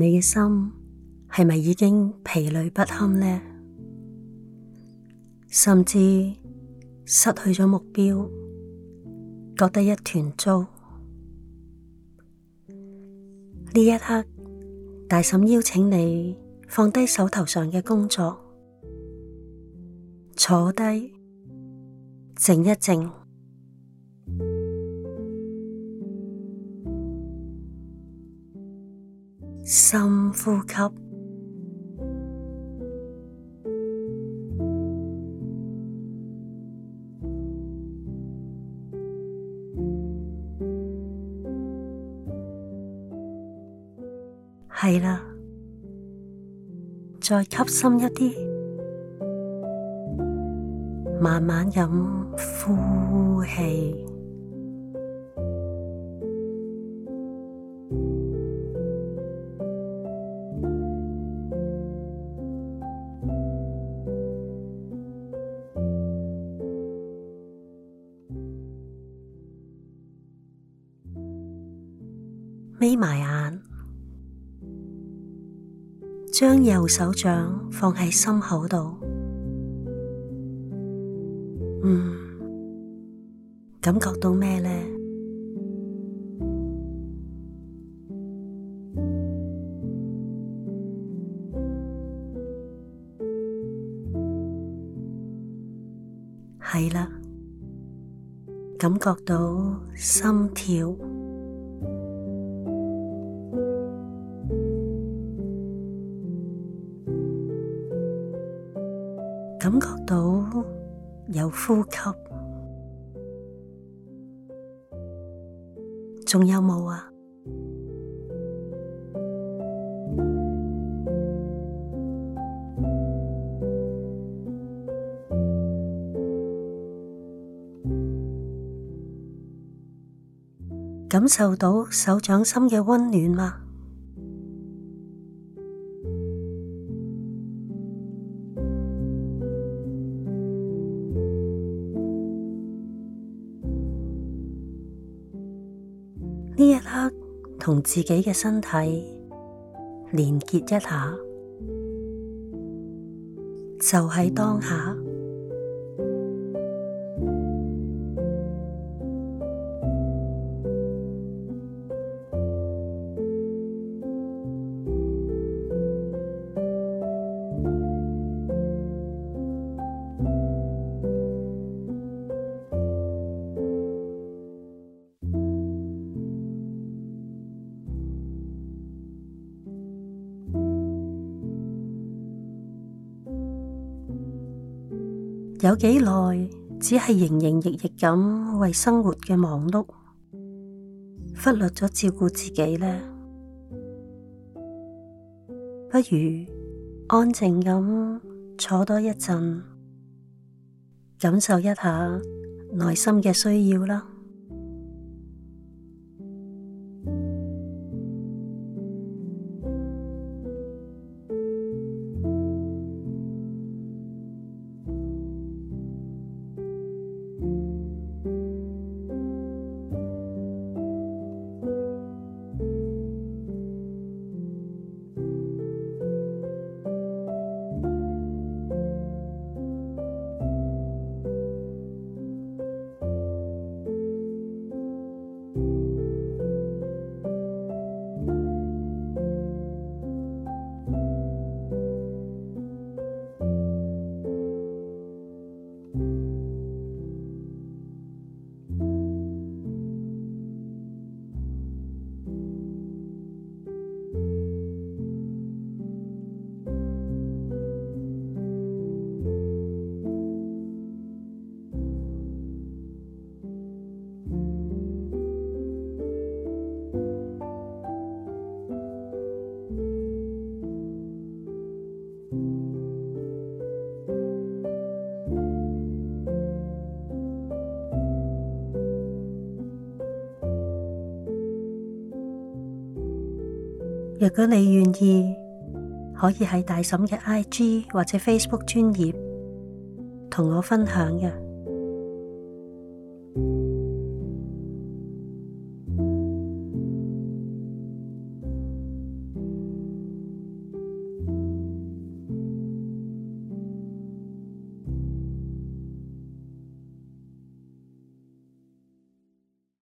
你嘅心係咪已經疲累不堪呢？甚至失去咗目標，覺得一團糟。呢一刻，大嬸邀請你放低手頭上嘅工作，坐低靜一靜。深呼吸，係啦， 再吸深一啲，慢慢咁呼氣。眯埋眼，將右手掌放喺心口度。嗯，感覺到咩呢？係啦，感覺到心跳。感覺到有呼吸，仲有冇呀？感受到手掌心嘅溫暖嗎？呢一刻同自己嘅身體連結一下，就喺當下。有幾耐，只係營營役役咁為生活嘅忙碌，忽略咗照顧自己呢？不如安靜咁坐多一陣，感受一下內心嘅需要啦。如果你願意，可以喺大嬸嘅 IG 或者 Facebook 專頁同我分享嘅。